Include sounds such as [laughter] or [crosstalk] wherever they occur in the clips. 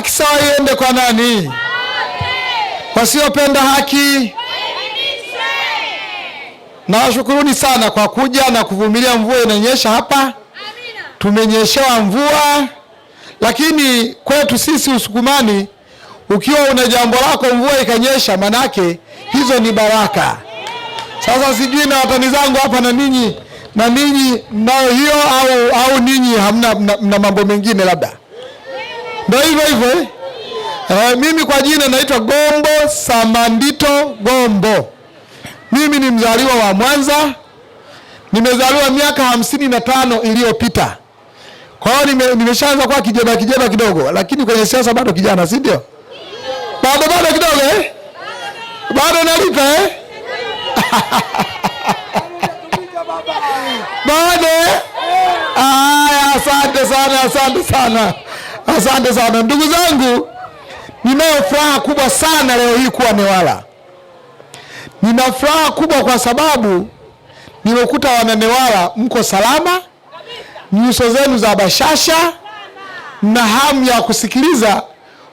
haki sawa iende kwa nani? Wasiopenda haki. Nawashukuruni sana kwa kuja na kuvumilia. Mvua inanyesha hapa, tumenyeshewa mvua, lakini kwetu sisi Usukumani, ukiwa una jambo lako mvua ikanyesha, manake hizo ni baraka. Sasa sijui na watani zangu hapa na ninyi na ninyi mnayo hiyo au, au ninyi hamna mna, mna mambo mengine labda ndio hivyo hivyo eh? Eh, mimi kwa jina naitwa Gombo Samandito Gombo. Mimi ni mzaliwa wa Mwanza, nimezaliwa miaka hamsini na tano iliyopita. Kwa hiyo nime, nimeshaanza kuwa kijeba kijeba kidogo, lakini kwenye siasa bado kijana, si ndio? Bado bado kidogo eh? Bado nalipa eh? [laughs] bado eh? Aya, asante sana, asante sana. Asante sana ndugu zangu, ninayo furaha kubwa sana leo hii kuwa Newala. Nina furaha kubwa kwa sababu nimekuta wananewala mko salama, nyuso zenu za bashasha na hamu ya kusikiliza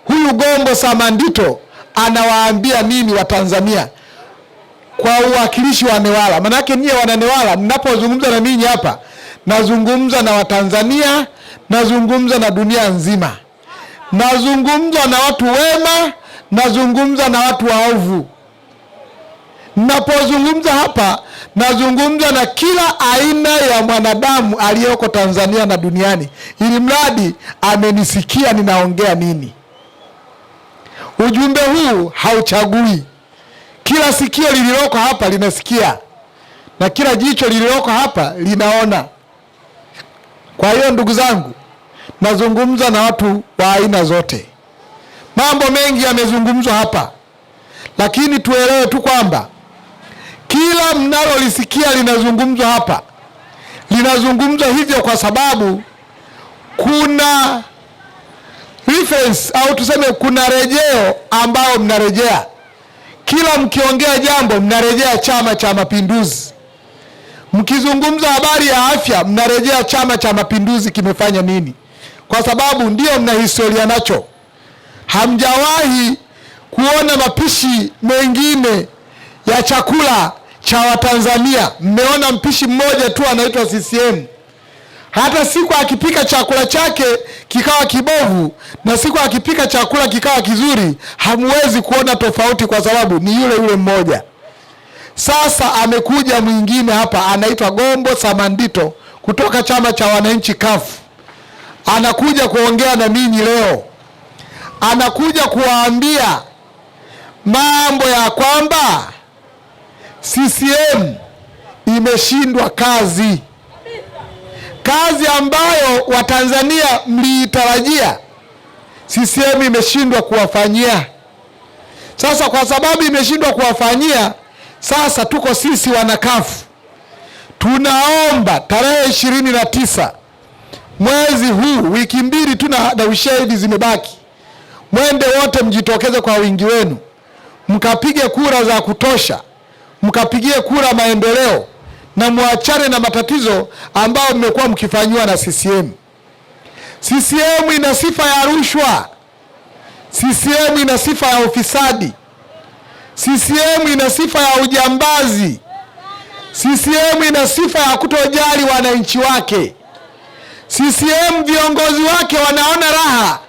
huyu Gombo Samandito anawaambia nini Watanzania kwa uwakilishi wa Newala. Maanake nyie wananewala, ninapozungumza na ninyi hapa, nazungumza na Watanzania nazungumza na dunia nzima, nazungumza na watu wema, nazungumza na watu waovu. Napozungumza hapa, nazungumza na kila aina ya mwanadamu aliyoko Tanzania na duniani, ili mradi amenisikia ninaongea nini. Ujumbe huu hauchagui. Kila sikio lililoko hapa linasikia na kila jicho lililoko hapa linaona. Kwa hiyo ndugu zangu, nazungumza na watu wa aina zote. Mambo mengi yamezungumzwa hapa, lakini tuelewe tu kwamba kila mnalolisikia linazungumzwa hapa linazungumzwa hivyo kwa sababu kuna reference au tuseme kuna rejeo ambayo mnarejea. Kila mkiongea jambo mnarejea Chama cha Mapinduzi. Mkizungumza habari ya afya, mnarejea Chama cha Mapinduzi kimefanya nini, kwa sababu ndio mna historia nacho. Hamjawahi kuona mapishi mengine ya chakula cha Watanzania, mmeona mpishi mmoja tu anaitwa CCM. Hata siku akipika chakula chake kikawa kibovu na siku akipika chakula kikawa kizuri, hamwezi kuona tofauti, kwa sababu ni yule yule mmoja. Sasa amekuja mwingine hapa anaitwa Gombo Samandito kutoka chama cha wananchi kafu anakuja kuongea na ninyi leo, anakuja kuwaambia mambo ya kwamba CCM imeshindwa kazi, kazi ambayo Watanzania mliitarajia CCM imeshindwa kuwafanyia. Sasa kwa sababu imeshindwa kuwafanyia sasa tuko sisi wanakafu tunaomba tarehe ishirini na tisa mwezi huu, wiki mbili tu na dawisha hivi zimebaki, mwende wote mjitokeze kwa wingi wenu, mkapige kura za kutosha, mkapigie kura maendeleo na mwachane na matatizo ambayo mmekuwa mkifanyiwa na CCM. CCM ina sifa ya rushwa, CCM ina sifa ya ufisadi, CCM ina sifa ya ujambazi. CCM ina sifa ya kutojali wananchi wake. CCM viongozi wake wanaona raha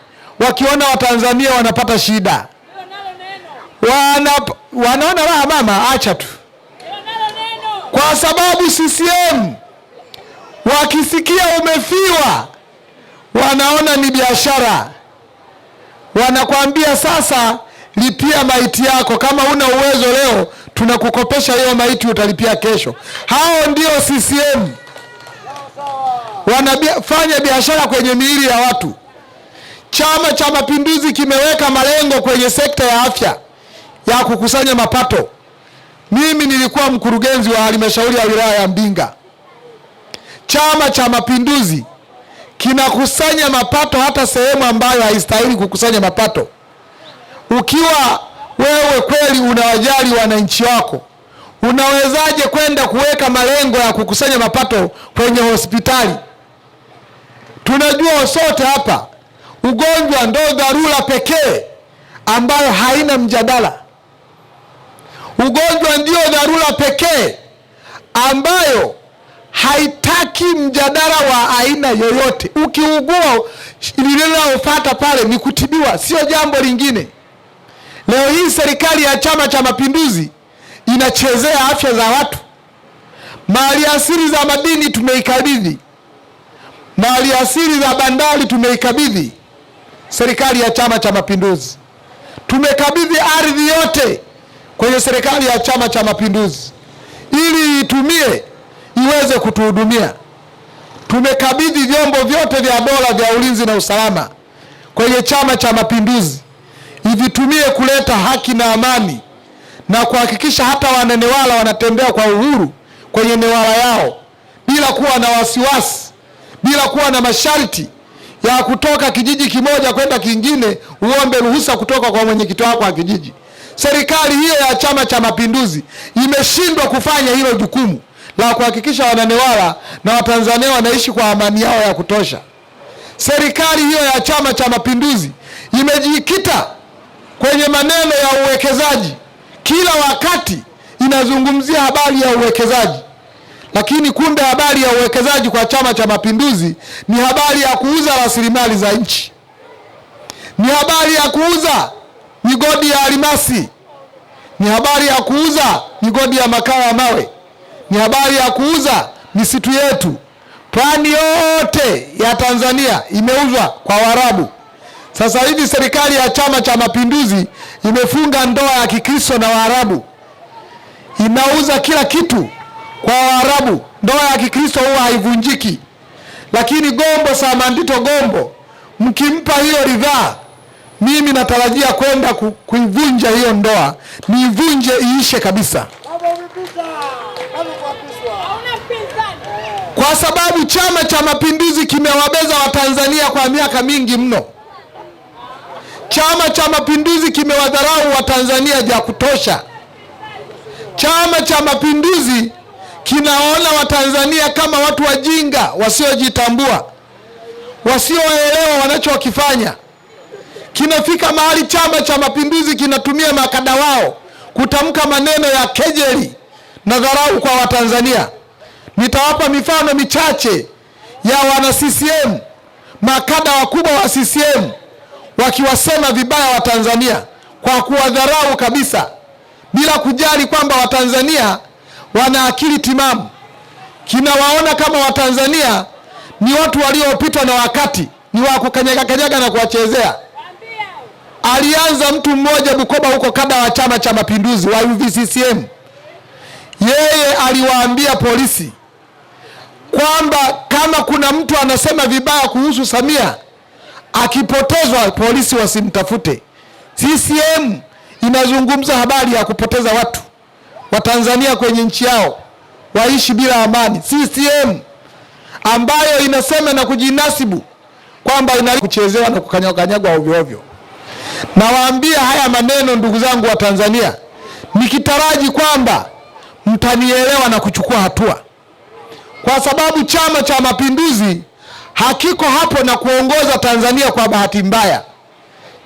wakiona Watanzania wanapata shida, wana, wanaona raha mama, acha tu, kwa sababu CCM wakisikia umefiwa, wanaona ni biashara, wanakwambia sasa lipia maiti yako. Kama una uwezo leo, tunakukopesha hiyo maiti, utalipia kesho. Hao ndio CCM wanafanya biashara kwenye miili ya watu. Chama cha Mapinduzi kimeweka malengo kwenye sekta ya afya ya kukusanya mapato. Mimi nilikuwa mkurugenzi wa halmashauri ya wilaya ya Mbinga. Chama cha Mapinduzi kinakusanya mapato hata sehemu ambayo haistahili kukusanya mapato. Ukiwa wewe kweli unawajali wananchi wako, unawezaje kwenda kuweka malengo ya kukusanya mapato kwenye hospitali? Tunajua sote hapa ugonjwa ndo dharura pekee ambayo haina mjadala. Ugonjwa ndio dharura pekee ambayo haitaki mjadala wa aina yoyote. Ukiugua, lililofuata pale ni kutibiwa, sio jambo lingine. Leo hii serikali ya Chama cha Mapinduzi inachezea afya za watu. Mali asili za madini tumeikabidhi, mali asili za bandari tumeikabidhi serikali ya Chama cha Mapinduzi, tumekabidhi ardhi yote kwenye serikali ya Chama cha Mapinduzi ili itumie iweze kutuhudumia. Tumekabidhi vyombo vyote vya dola vya ulinzi na usalama kwenye Chama cha Mapinduzi tuvitumie kuleta haki na amani na kuhakikisha hata wananewala wanatembea kwa uhuru kwenye newala yao bila kuwa na wasiwasi, bila kuwa na masharti ya kutoka kijiji kimoja kwenda kingine uombe ruhusa kutoka kwa mwenyekiti wako wa kijiji. Serikali hiyo ya Chama cha Mapinduzi imeshindwa kufanya hilo jukumu la kuhakikisha wananewala na Watanzania wanaishi kwa amani yao ya kutosha. Serikali hiyo ya Chama cha Mapinduzi imejikita kwenye maneno ya uwekezaji, kila wakati inazungumzia habari ya uwekezaji, lakini kumbe habari ya uwekezaji kwa Chama cha Mapinduzi ni habari ya kuuza rasilimali za nchi, ni habari ya kuuza migodi ya almasi, ni habari ya kuuza migodi ya makaa ya mawe, ni habari ya kuuza misitu yetu. Pwani yote ya Tanzania imeuzwa kwa Waarabu. Sasa hivi serikali ya Chama cha Mapinduzi imefunga ndoa ya Kikristo na Waarabu, inauza kila kitu kwa Waarabu. Ndoa ya Kikristo huwa haivunjiki, lakini Gombo Samandito Gombo mkimpa hiyo ridhaa, mimi natarajia kwenda kuivunja hiyo ndoa, niivunje iishe kabisa, kwa sababu Chama cha Mapinduzi kimewabeza Watanzania kwa miaka mingi mno. Chama cha Mapinduzi kimewadharau Watanzania vya kutosha. Chama cha Mapinduzi kinaona Watanzania kama watu wajinga wasiojitambua, wasioelewa wanachokifanya. Kinafika mahali Chama cha Mapinduzi kinatumia makada wao kutamka maneno ya kejeli na dharau kwa Watanzania. Nitawapa mifano michache ya wana CCM, makada wakubwa wa CCM wakiwasema vibaya Watanzania kwa kuwadharau kabisa, bila kujali kwamba Watanzania wana akili timamu, kinawaona kama Watanzania ni watu waliopitwa na wakati, ni wa kukanyaga kanyaga na kuwachezea. Alianza mtu mmoja Bukoba huko, kada wa Chama cha Mapinduzi wa UVCCM, yeye aliwaambia polisi kwamba kama kuna mtu anasema vibaya kuhusu Samia akipotezwa polisi wasimtafute. CCM inazungumza habari ya kupoteza watu wa tanzania kwenye nchi yao waishi bila amani. CCM ambayo inasema na kujinasibu kwamba ina kuchezewa na kukanyaganyagwa ovyo ovyo. Nawaambia haya maneno ndugu zangu wa Tanzania, nikitaraji kwamba mtanielewa na kuchukua hatua, kwa sababu Chama cha Mapinduzi hakiko hapo na kuongoza Tanzania kwa bahati mbaya.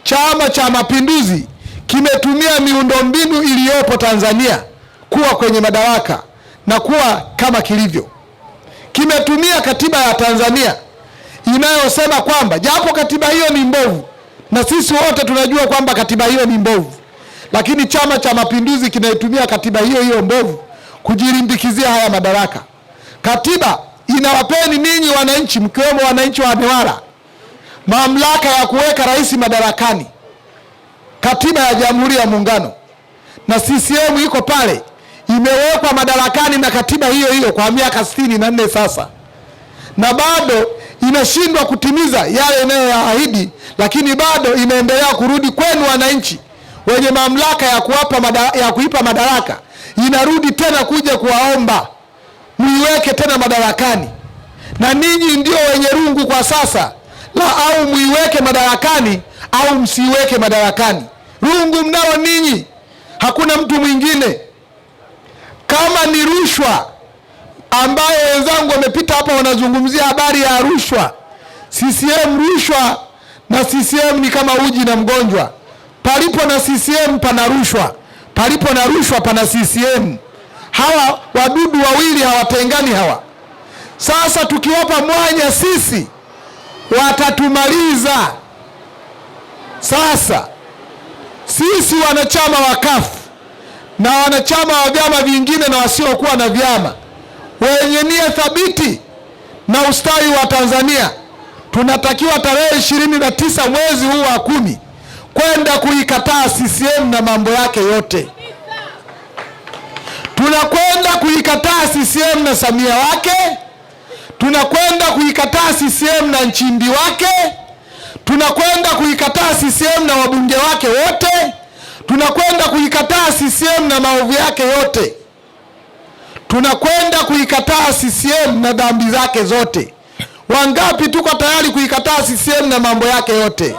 Chama cha Mapinduzi kimetumia miundombinu iliyopo Tanzania kuwa kwenye madaraka na kuwa kama kilivyo. Kimetumia katiba ya Tanzania inayosema kwamba japo katiba hiyo ni mbovu, na sisi wote tunajua kwamba katiba hiyo ni mbovu, lakini Chama cha Mapinduzi kinaitumia katiba hiyo hiyo mbovu kujilimbikizia haya madaraka. Katiba inawapeni ninyi wananchi, mkiwemo wananchi wa Newala, mamlaka ya kuweka rais madarakani. Katiba ya Jamhuri ya Muungano na CCM iko pale, imewekwa madarakani na katiba hiyo hiyo kwa miaka sitini na nne sasa, na bado inashindwa kutimiza yale inayoyaahidi, lakini bado inaendelea kurudi kwenu wananchi wenye mamlaka ya kuwapa mada, ya kuipa madaraka, inarudi tena kuja kuwaomba mwiweke tena madarakani, na ninyi ndio wenye rungu kwa sasa, la au mwiweke madarakani au msiweke madarakani. Rungu mnao ninyi, hakuna mtu mwingine. Kama ni rushwa ambayo wenzangu wamepita hapa wanazungumzia habari ya rushwa, CCM rushwa na CCM ni kama uji na mgonjwa. Palipo na CCM pana rushwa, palipo na rushwa pana CCM hawa wadudu wawili hawatengani hawa. Sasa tukiwapa mwanya sisi watatumaliza. Sasa sisi wanachama wa kafu na wanachama wa vyama vingine na wasiokuwa na vyama wenye nia thabiti na ustawi wa Tanzania tunatakiwa tarehe ishirini na tisa mwezi huu wa kumi kwenda kuikataa CCM na mambo yake yote. Tunakwenda kuikataa CCM na Samia wake, tunakwenda kuikataa CCM na Nchimbi wake, tunakwenda kuikataa CCM na wabunge wake wote, tunakwenda kuikataa CCM na maovu yake yote, tunakwenda kuikataa CCM na dhambi zake zote. Wangapi tuko tayari kuikataa CCM na mambo yake yote?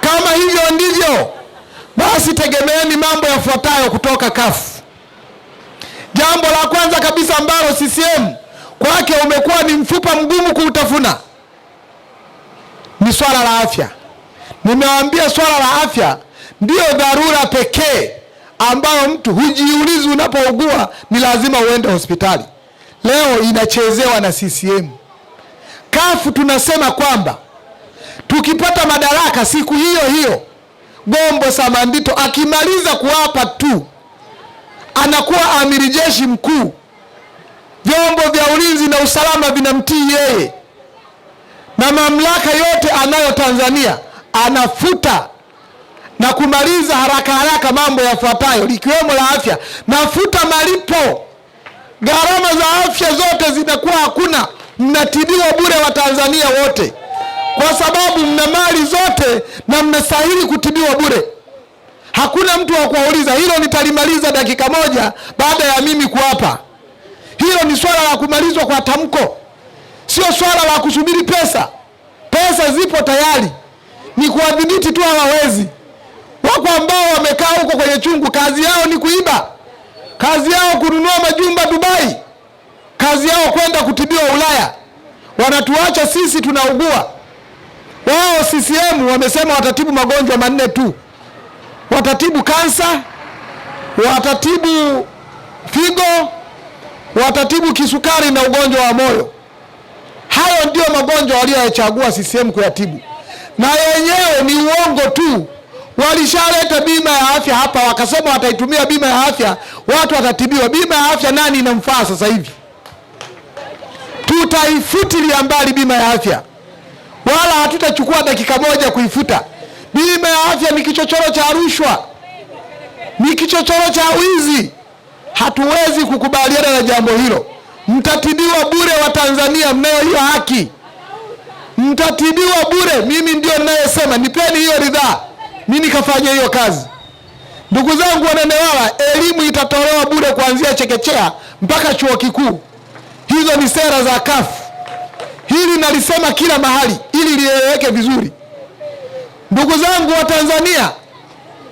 Kama hivyo ndivyo basi tegemeeni mambo yafuatayo kutoka kafu. Jambo la kwanza kabisa ambalo CCM kwake umekuwa ni mfupa mgumu kuutafuna ni swala la afya. nimewambia swala la afya ndiyo dharura pekee ambayo mtu hujiulizi unapougua ni lazima uende hospitali. Leo inachezewa na CCM. Kafu tunasema kwamba tukipata madaraka siku hiyo hiyo Gombo Samandito akimaliza kuapa tu anakuwa amiri jeshi mkuu, vyombo vya ulinzi na usalama vinamtii yeye, na mamlaka yote anayo Tanzania anafuta na kumaliza haraka haraka mambo yafuatayo likiwemo la afya. Nafuta malipo, gharama za afya zote zinakuwa hakuna, mnatibiwa bure wa Tanzania wote kwa sababu mna mali zote na mnastahili kutibiwa bure. Hakuna mtu wa kuwauliza. Hilo nitalimaliza dakika moja baada ya mimi kuapa. Hilo ni swala la kumalizwa kwa tamko, sio swala la kusubiri pesa. Pesa zipo tayari, ni kuwadhibiti tu hawawezi. Wako ambao wamekaa huko kwenye chungu, kazi yao ni kuiba, kazi yao kununua majumba Dubai, kazi yao kwenda kutibiwa Ulaya. Wanatuacha sisi tunaugua. Wao CCM wamesema watatibu magonjwa manne tu, watatibu kansa, watatibu figo, watatibu kisukari na ugonjwa wa moyo. Hayo ndio magonjwa waliyochagua CCM kuyatibu, na yenyewe ni uongo tu. Walishaleta bima ya afya hapa, wakasema wataitumia bima ya afya, watu watatibiwa. Bima ya afya nani inamfaa sasa hivi? Tutaifutilia mbali bima ya afya wala hatutachukua dakika moja kuifuta. Bima ya afya ni kichochoro cha rushwa, ni kichochoro cha wizi. Hatuwezi kukubaliana na jambo hilo. Mtatibiwa bure wa Tanzania, mnayo hiyo haki, mtatibiwa bure. Mimi ndio ninayesema nipeni hiyo ridhaa, mi nikafanya hiyo kazi. Ndugu zangu wananewala elimu itatolewa bure kuanzia chekechea mpaka chuo kikuu. Hizo ni sera za kafu Hili nalisema kila mahali ili lieleweke vizuri. Ndugu zangu wa Tanzania,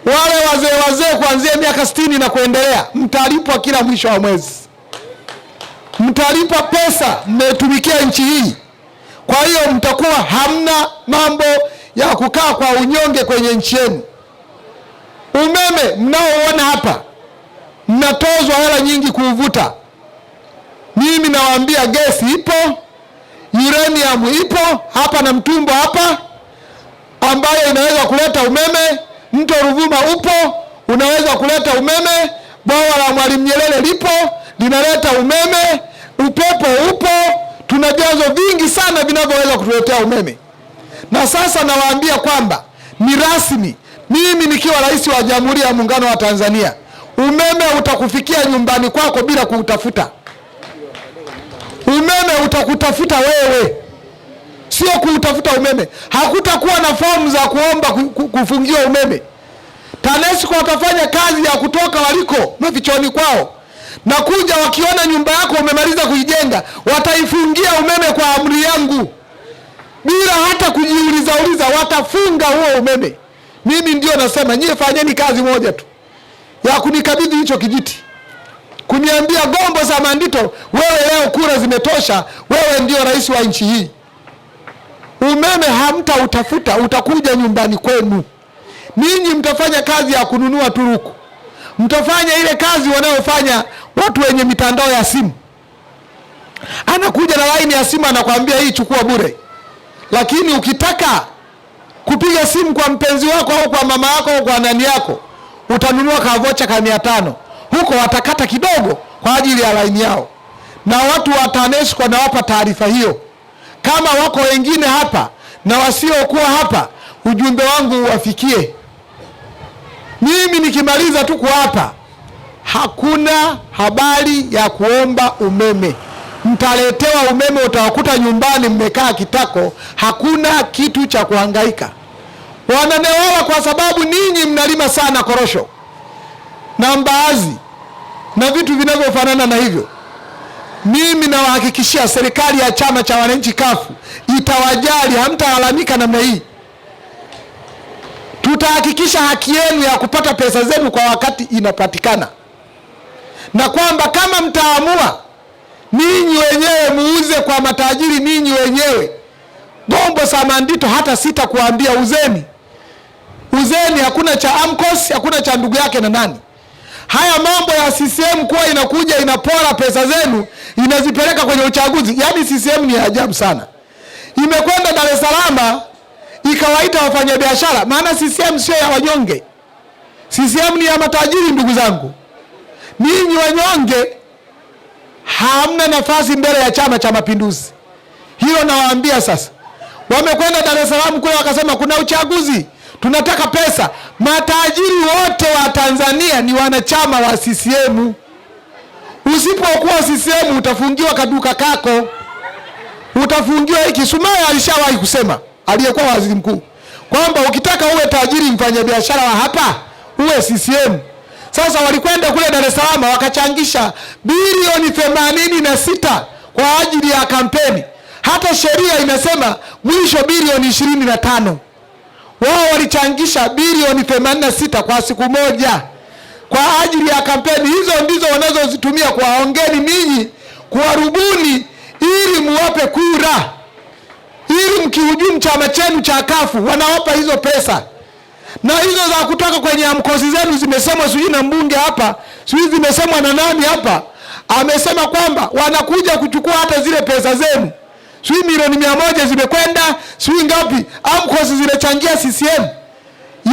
wale wazee wazee kuanzia miaka sitini na kuendelea, mtalipwa kila mwisho wa mwezi, mtalipwa pesa mmetumikia nchi hii. Kwa hiyo mtakuwa hamna mambo ya kukaa kwa unyonge kwenye nchi yenu. Umeme mnaoona hapa mnatozwa hela nyingi kuuvuta, mimi nawaambia, gesi ipo uranium ipo hapa na Mtumbo hapa ambayo inaweza kuleta umeme. Mto Ruvuma upo unaweza kuleta umeme. Bwawa la Mwalimu Nyerere lipo linaleta umeme. Upepo upo. Tuna vyanzo vingi sana vinavyoweza kutuletea umeme, na sasa nawaambia kwamba ni rasmi, mimi nikiwa rais wa Jamhuri ya Muungano wa Tanzania, umeme utakufikia nyumbani kwako bila kuutafuta. Umeme utakutafuta wewe, sio kuutafuta umeme. Hakutakuwa na fomu za kuomba kufungiwa umeme. TANESCO watafanya kazi ya kutoka waliko mvichoni kwao na kuja, wakiona nyumba yako umemaliza kuijenga, wataifungia umeme kwa amri yangu, bila hata kujiuliza uliza, watafunga huo umeme. Mimi ndio nasema nyie, fanyeni kazi moja tu ya kunikabidhi hicho kijiti kuniambia gombo za Mandito, wewe leo kura zimetosha, wewe ndio rais wa nchi hii. Umeme hamtautafuta, utakuja nyumbani kwenu. Ninyi mtafanya kazi ya kununua turuku, mtafanya ile kazi wanayofanya watu wenye mitandao ya simu. Anakuja na laini ya simu, anakwambia hii chukua bure, lakini ukitaka kupiga simu kwa mpenzi wako au kwa mama yako au kwa nani yako, utanunua kavocha ka mia tano huko watakata kidogo kwa ajili ya laini yao, na watu wa TANESCO wanawapa taarifa hiyo. Kama wako wengine hapa na wasiokuwa hapa, ujumbe wangu uwafikie. Mimi nikimaliza tu kuapa, hakuna habari ya kuomba umeme. Mtaletewa umeme, utawakuta nyumbani mmekaa kitako. Hakuna kitu cha kuhangaika. Wananewewa kwa sababu ninyi mnalima sana korosho na mbaazi na vitu vinavyofanana na hivyo. Mimi nawahakikishia serikali ya chama cha wananchi kafu itawajali, hamtalalamika namna hii. Tutahakikisha haki yenu ya kupata pesa zenu kwa wakati inapatikana, na kwamba kama mtaamua ninyi wenyewe muuze kwa matajiri ninyi wenyewe Bombo Samandito, hata sita kuambia uzeni, uzeni. Hakuna cha Amcos, hakuna cha ndugu yake na nani. Haya mambo ya CCM kuwa inakuja inapora pesa zenu inazipeleka kwenye uchaguzi, yaani CCM ni ajabu sana. Imekwenda Dar es Salaam ikawaita wafanyabiashara, maana CCM sio ya wanyonge. CCM ni ya matajiri, ndugu zangu. Ninyi wanyonge hamna nafasi mbele ya Chama cha Mapinduzi, hilo nawaambia sasa. Wamekwenda Dar es Salaam kule wakasema kuna uchaguzi tunataka pesa. Matajiri wote wa Tanzania ni wanachama wa CCM. Usipokuwa CCM utafungiwa kaduka kako, utafungiwa hiki. Sumaye alishawahi kusema, aliyekuwa waziri mkuu, kwamba ukitaka uwe tajiri, mfanyabiashara wa hapa, uwe CCM. Sasa walikwenda kule Dar es Salaam wakachangisha bilioni themanini na sita kwa ajili ya kampeni. Hata sheria inasema mwisho bilioni ishirini na tano wao walichangisha bilioni 86 kwa siku moja kwa ajili ya kampeni hizo. Ndizo wanazozitumia kuwaongeni ninyi, kuwarubuni ili muwape kura, ili mkihujumu chama chenu cha kafu wanawapa hizo pesa na hizo za kutoka kwenye amkosi zenu zimesemwa sijui na mbunge hapa, sijui zimesemwa na nani hapa, amesema kwamba wanakuja kuchukua hata zile pesa zenu sijui milioni mia moja zimekwenda sijui ngapi, AMCOS zinachangia CCM.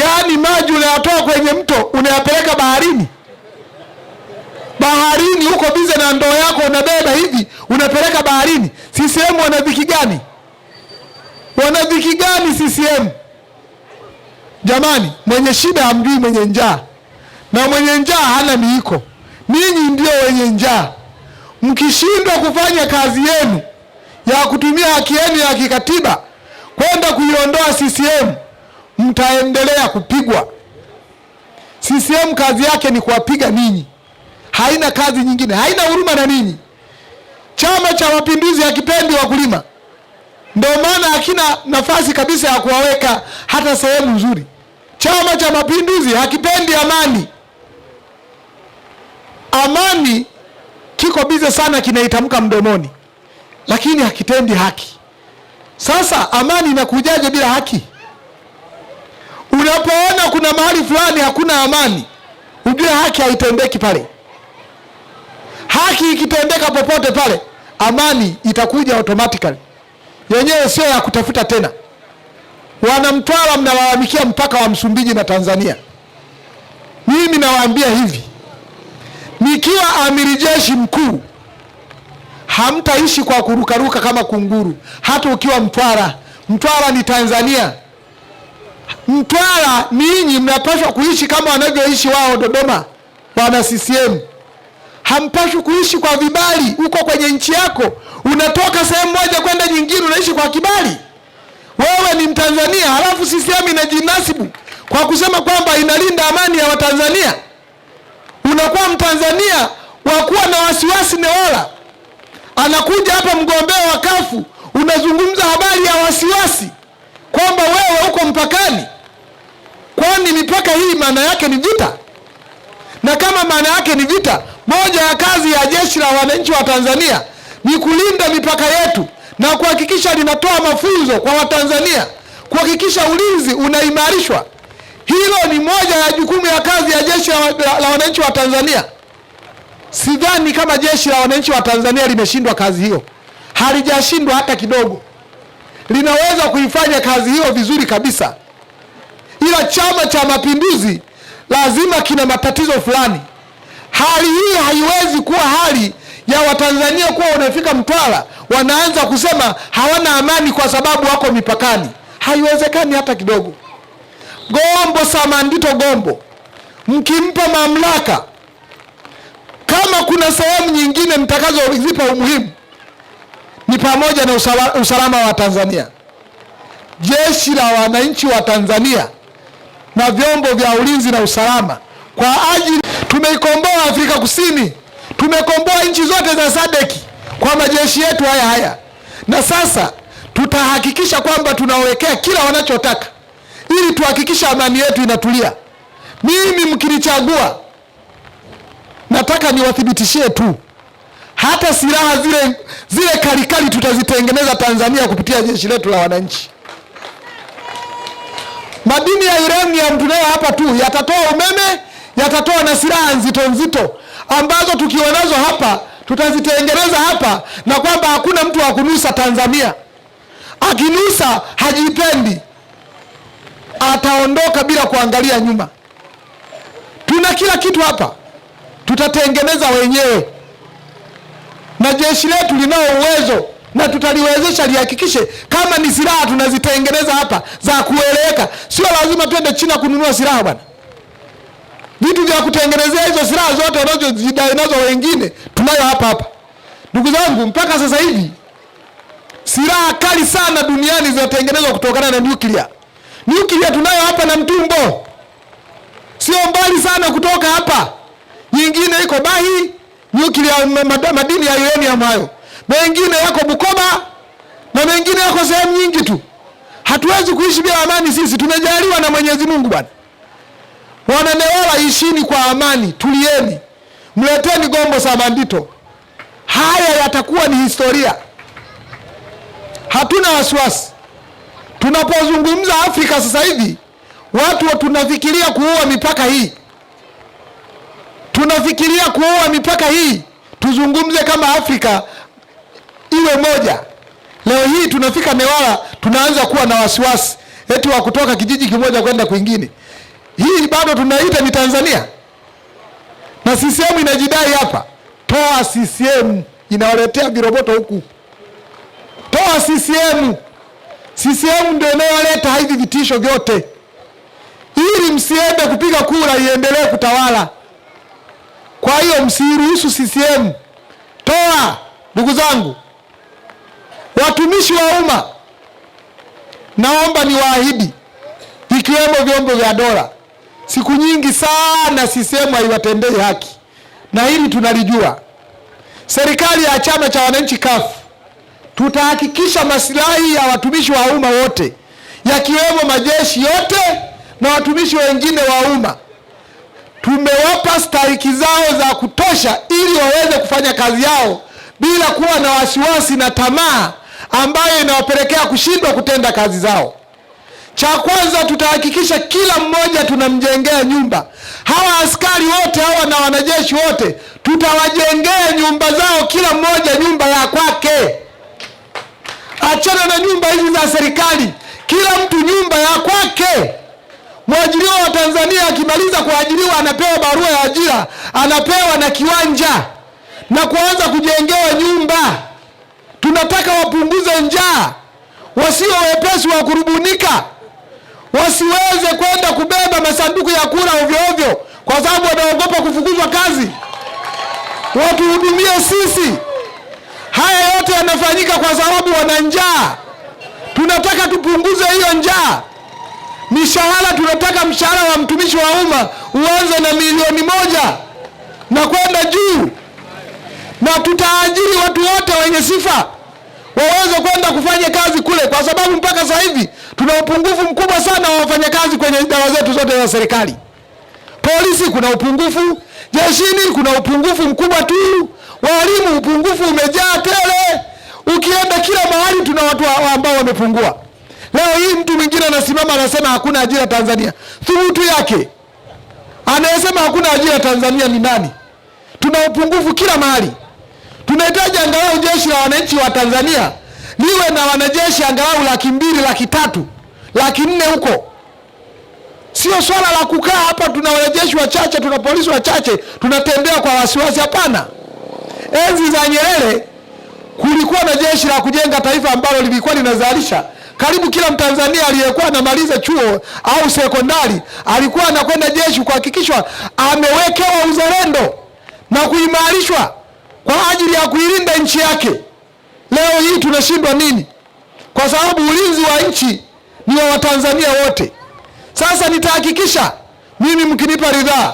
Yaani maji unayatoa kwenye mto unayapeleka baharini, baharini huko bize na ndoo yako unabeba hivi unapeleka baharini. CCM wanadhiki gani? Wanadhiki gani CCM? Jamani, mwenye shida hamjui mwenye njaa, na mwenye njaa hana miiko. Ninyi ndio wenye njaa, mkishindwa kufanya kazi yenu ya kutumia haki yenu ya kikatiba kwenda kuiondoa CCM, mtaendelea kupigwa. CCM kazi yake ni kuwapiga ninyi, haina kazi nyingine, haina huruma na ninyi. Chama cha Mapinduzi hakipendi wakulima, ndio maana hakina nafasi kabisa ya kuwaweka hata sehemu nzuri. Chama cha Mapinduzi hakipendi amani. Amani kiko bize sana, kinaitamka mdomoni lakini hakitendi haki. Sasa amani inakujaje bila haki? Unapoona kuna mahali fulani hakuna amani, ujue haki haitendeki pale. Haki ikitendeka popote pale, amani itakuja automatically yenyewe, sio ya kutafuta tena. Wanamtwara mnalalamikia mpaka wa Msumbiji na Tanzania. Mimi nawaambia hivi, nikiwa amiri jeshi mkuu hamtaishi kwa kurukaruka kama kunguru, hata ukiwa Mtwara. Mtwara ni Tanzania. Mtwara ninyi mnapaswa kuishi kama wanavyoishi wao Dodoma, wana CCM. Hampaswi kuishi kwa vibali. Uko kwenye nchi yako, unatoka sehemu moja kwenda nyingine, unaishi kwa kibali. Wewe ni Mtanzania, halafu CCM inajinasibu kwa kusema kwamba inalinda amani ya Watanzania. Unakuwa Mtanzania wa kuwa na wasiwasi neola Anakuja hapa mgombea wa kafu unazungumza habari ya wasiwasi kwamba wewe uko mpakani. Kwani mipaka hii maana yake ni vita, na kama maana yake ni vita, moja ya kazi ya jeshi la wananchi wa Tanzania ni kulinda mipaka yetu na kuhakikisha linatoa mafunzo kwa Watanzania kuhakikisha ulinzi unaimarishwa. Hilo ni moja ya jukumu ya kazi ya jeshi la, la, la wananchi wa Tanzania. Sidhani kama jeshi la wananchi wa Tanzania limeshindwa kazi hiyo, halijashindwa hata kidogo, linaweza kuifanya kazi hiyo vizuri kabisa, ila Chama cha Mapinduzi lazima kina matatizo fulani. Hali hii haiwezi kuwa hali ya Watanzania kuwa wanafika Mtwara wanaanza kusema hawana amani kwa sababu wako mipakani. Haiwezekani hata kidogo. Gombo Samandito Gombo, mkimpa mamlaka kama kuna sehemu nyingine mtakazozipa umuhimu ni pamoja na usala, usalama wa Tanzania. Jeshi la wananchi wa Tanzania na vyombo vya ulinzi na usalama kwa ajili, tumeikomboa Afrika Kusini, tumekomboa nchi zote za SADC kwa majeshi yetu haya haya, na sasa tutahakikisha kwamba tunawekea kila wanachotaka, ili tuhakikisha amani yetu inatulia. Mimi mkinichagua nataka niwathibitishie tu, hata silaha zile zile kalikali tutazitengeneza Tanzania kupitia jeshi letu la wananchi. Madini ya uranium tunayo hapa tu, yatatoa umeme, yatatoa na silaha nzito nzito ambazo tukiwa nazo hapa tutazitengeneza hapa, na kwamba hakuna mtu wa kunusa Tanzania. Akinusa hajipendi, ataondoka bila kuangalia nyuma. Tuna kila kitu hapa tutatengeneza wenyewe, na jeshi letu linao uwezo na tutaliwezesha lihakikishe kama ni silaha tunazitengeneza hapa za kueleweka. Sio lazima twende China kununua silaha bwana, vitu vya kutengenezea hizo silaha zote wanazozidai nazo wengine tunayo hapa hapa. Ndugu zangu, mpaka sasa hivi silaha kali sana duniani zinatengenezwa kutokana na nyuklia. Nyuklia tunayo hapa na Mtumbo, sio mbali sana kutoka hapa nyingine iko Bahi, nyuklia madini ya uranium hayo, mengine yako Bukoba na mengine yako sehemu nyingi tu. Hatuwezi kuishi bila amani, sisi tumejaliwa na Mwenyezi Mungu. Bwana Wananewala, ishini kwa amani, tulieni, mleteni Gombo Samandito, haya yatakuwa ni historia. Hatuna wasiwasi. Tunapozungumza Afrika sasa hivi, watu tunafikiria kuua mipaka hii tunafikiria kuua mipaka hii, tuzungumze kama Afrika iwe moja. Leo hii tunafika Newala, tunaanza kuwa na wasiwasi eti wa kutoka kijiji kimoja kwenda kwingine. Hii bado tunaita ni Tanzania, na CCM inajidai hapa. Toa CCM, inawaletea viroboto huku. Toa CCM. CCM ndio inayoleta hivi vitisho vyote, ili msiende kupiga kura iendelee kutawala. Kwa hiyo msiruhusu CCM toa. Ndugu zangu watumishi wa umma, naomba niwaahidi, vikiwemo vyombo vya dola, siku nyingi sana CCM haiwatendei haki, na hili tunalijua. Serikali ya chama cha wananchi kafu tutahakikisha masilahi ya watumishi wa umma wote, yakiwemo majeshi yote na watumishi wengine wa umma tumewapa stahiki zao za kutosha ili waweze kufanya kazi yao bila kuwa na wasiwasi na tamaa ambayo inawapelekea kushindwa kutenda kazi zao. Cha kwanza, tutahakikisha kila mmoja tunamjengea nyumba. Hawa askari wote hawa na wanajeshi wote tutawajengea nyumba zao, kila mmoja nyumba ya kwake. Achana na nyumba hizi za serikali, kila mtu nyumba ya kwake. Mwajiriwa wa Tanzania akimaliza kuajiriwa anapewa barua ya ajira, anapewa na kiwanja na kuanza kujengewa nyumba. Tunataka wapunguze njaa, wasio wepesi wa kurubunika, wasiweze kwenda kubeba masanduku ya kura ovyo ovyo kwa sababu wanaogopa kufukuzwa kazi. Watuhudumie sisi. Haya yote yanafanyika kwa sababu wana njaa. Tunataka tupunguze hiyo njaa. Mishahara tunataka mshahara wa mtumishi wa umma uanze na milioni moja na kwenda juu, na tutaajiri watu wote wenye sifa waweze kwenda kufanya kazi kule, kwa sababu mpaka sasa hivi tuna upungufu mkubwa sana wa wafanyakazi kwenye idara zetu zote za serikali. Polisi kuna upungufu, jeshini kuna upungufu mkubwa tu, walimu upungufu umejaa tele, ukienda kila mahali tuna watu ambao wamepungua. Leo hii mtu mwingine anasimama anasema hakuna ajira Tanzania. Thubutu yake. Anayesema hakuna ajira Tanzania ni nani? Tuna upungufu kila mahali. Tunahitaji angalau jeshi la wananchi wa Tanzania liwe na wanajeshi angalau laki mbili, laki tatu, laki nne huko. Sio swala la kukaa hapa, tuna wanajeshi wachache, tuna polisi wachache, tunatembea kwa wasiwasi. Hapana. Enzi za Nyerere kulikuwa na jeshi la kujenga taifa ambalo lilikuwa linazalisha karibu kila Mtanzania aliyekuwa anamaliza chuo au sekondari alikuwa anakwenda jeshi kuhakikishwa amewekewa uzalendo na kuimarishwa kwa ajili ya kuilinda nchi yake. Leo hii tunashindwa nini? Kwa sababu ulinzi wa nchi ni wa Watanzania wote. Sasa nitahakikisha mimi, mkinipa ridhaa,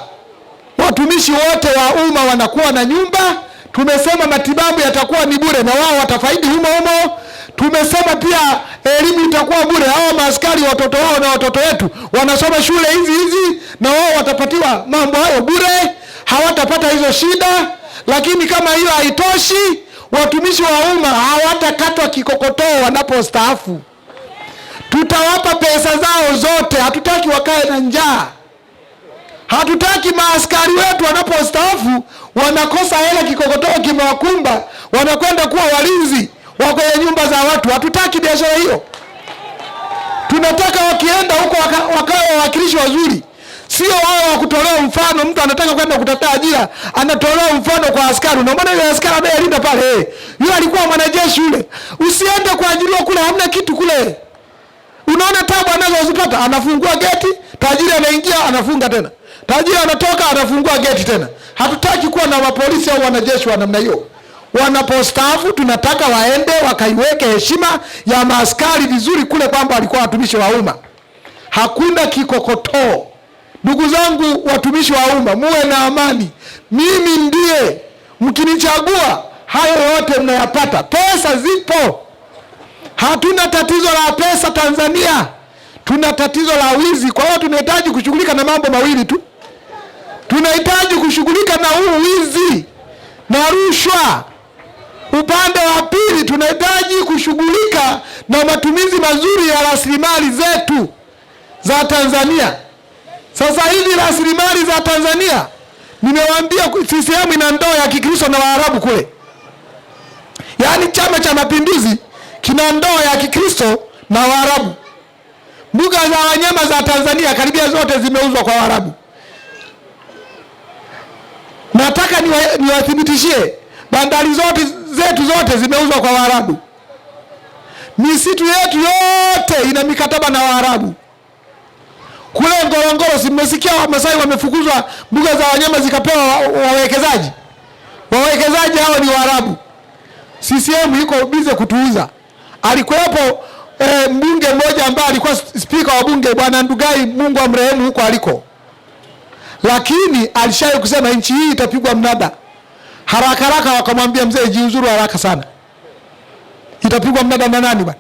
watumishi wote wa umma wanakuwa na nyumba. Tumesema matibabu yatakuwa ni bure na wao watafaidi humo humo Tumesema pia elimu itakuwa bure. Hawa maaskari watoto wao na watoto wetu wanasoma shule hizi hizi, na wao watapatiwa mambo hayo bure, hawatapata hizo shida. Lakini kama hiyo haitoshi, watumishi wa umma hawatakatwa kikokotoo wanapostaafu. Tutawapa pesa zao zote, hatutaki wakae na njaa. Hatutaki maaskari wetu wanapostaafu wanakosa hela, kikokotoo kimewakumba, wanakwenda kuwa walinzi wa kwenye nyumba za watu. Hatutaki biashara hiyo, tunataka wakienda huko wakawa wawakilishi wazuri, sio wao wa kutolewa mfano. Mtu anataka kwenda kutafuta ajira, anatolewa mfano kwa askari. Unamwona yule askari anayelinda pale, hey, eh, yule alikuwa mwanajeshi yule. Usiende kuajiriwa kule, hamna kitu kule. Unaona tabu anazozipata, anafungua geti, tajiri anaingia, anafunga tena, tajiri anatoka, anafungua geti tena. Hatutaki kuwa na mapolisi au wanajeshi wa namna hiyo wanapostaafu tunataka waende wakaiweke heshima ya maaskari vizuri kule, kwamba walikuwa watumishi wa umma. Hakuna kikokotoo. Ndugu zangu watumishi wa umma, muwe na amani. Mimi ndiye mkinichagua, hayo yote mnayapata. Pesa zipo, hatuna tatizo la pesa Tanzania, tuna tatizo la wizi. Kwa hiyo tunahitaji kushughulika na mambo mawili tu, tunahitaji kushughulika na huu wizi na rushwa Upande wa pili, tunahitaji kushughulika na matumizi mazuri ya rasilimali zetu za Tanzania. Sasa hizi rasilimali za Tanzania, nimewaambia CCM ina ndoa ya Kikristo na Waarabu kule, yaani Chama cha Mapinduzi kina ndoo ya Kikristo na Waarabu. Mbuga za wanyama za Tanzania karibia zote zimeuzwa kwa Waarabu. Nataka niwathibitishie bandari zote zetu zote zimeuzwa kwa Waarabu. Misitu yetu yote ina mikataba na Waarabu. Kule Ngorongoro, si mmesikia Wamasai wamefukuzwa mbuga za wanyama zikapewa wawekezaji? Wawekezaji hao ni Waarabu. CCM iko bize kutuuza. Alikuwepo e, mbunge mmoja ambaye alikuwa spika wa bunge Bwana Ndugai, Mungu amrehemu, huko aliko, lakini alishawahi kusema nchi hii itapigwa mnada haraka haraka, wakamwambia mzee, jiuzuru haraka sana, itapigwa mnada na nani bwana.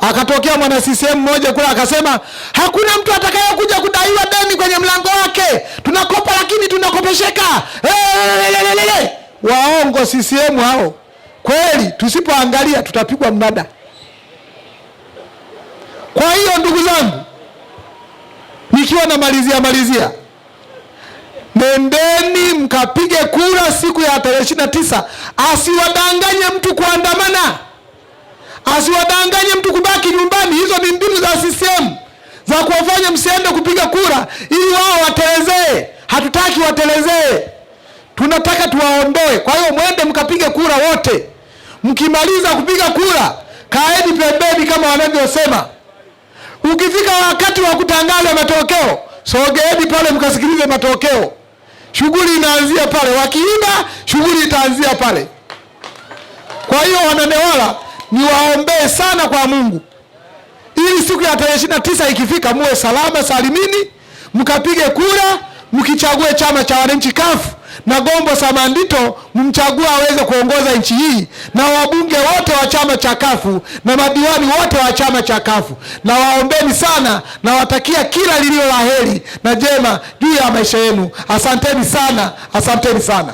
Akatokea mwana CCM mmoja kule akasema, hakuna mtu atakayekuja kudaiwa deni kwenye mlango wake, tunakopa lakini tunakopesheka. Eh, eh, eh, waongo CCM hao kweli, tusipoangalia tutapigwa mnada. Kwa hiyo ndugu zangu, nikiwa namalizia malizia Nendeni mkapige kura siku ya tarehe ishirini na tisa. Asiwadanganye mtu kuandamana, asiwadanganye mtu kubaki nyumbani. Hizo ni mbinu za CCM za kuwafanya msiende kupiga kura ili wao watelezee. Hatutaki watelezee, tunataka tuwaondoe. Kwa hiyo mwende mkapige kura wote. Mkimaliza kupiga kura, kaeni pembeni kama wanavyosema. Ukifika wakati wa kutangaza matokeo, sogeeni pale mkasikilize matokeo shughuli inaanzia pale. Wakiimba shughuli itaanzia pale. Kwa hiyo wanadewala, niwaombee sana kwa Mungu ili siku ya tarehe ishirini na tisa ikifika muwe salama salimini, mkapige kura, mkichague chama cha wananchi kafu na Gombo Samandito mumchagua aweze kuongoza nchi hii, na wabunge wote wa chama cha Kafu na madiwani wote wa chama cha Kafu, na waombeni sana, nawatakia kila lililo la heri na jema juu ya maisha yenu. Asanteni sana, asanteni sana.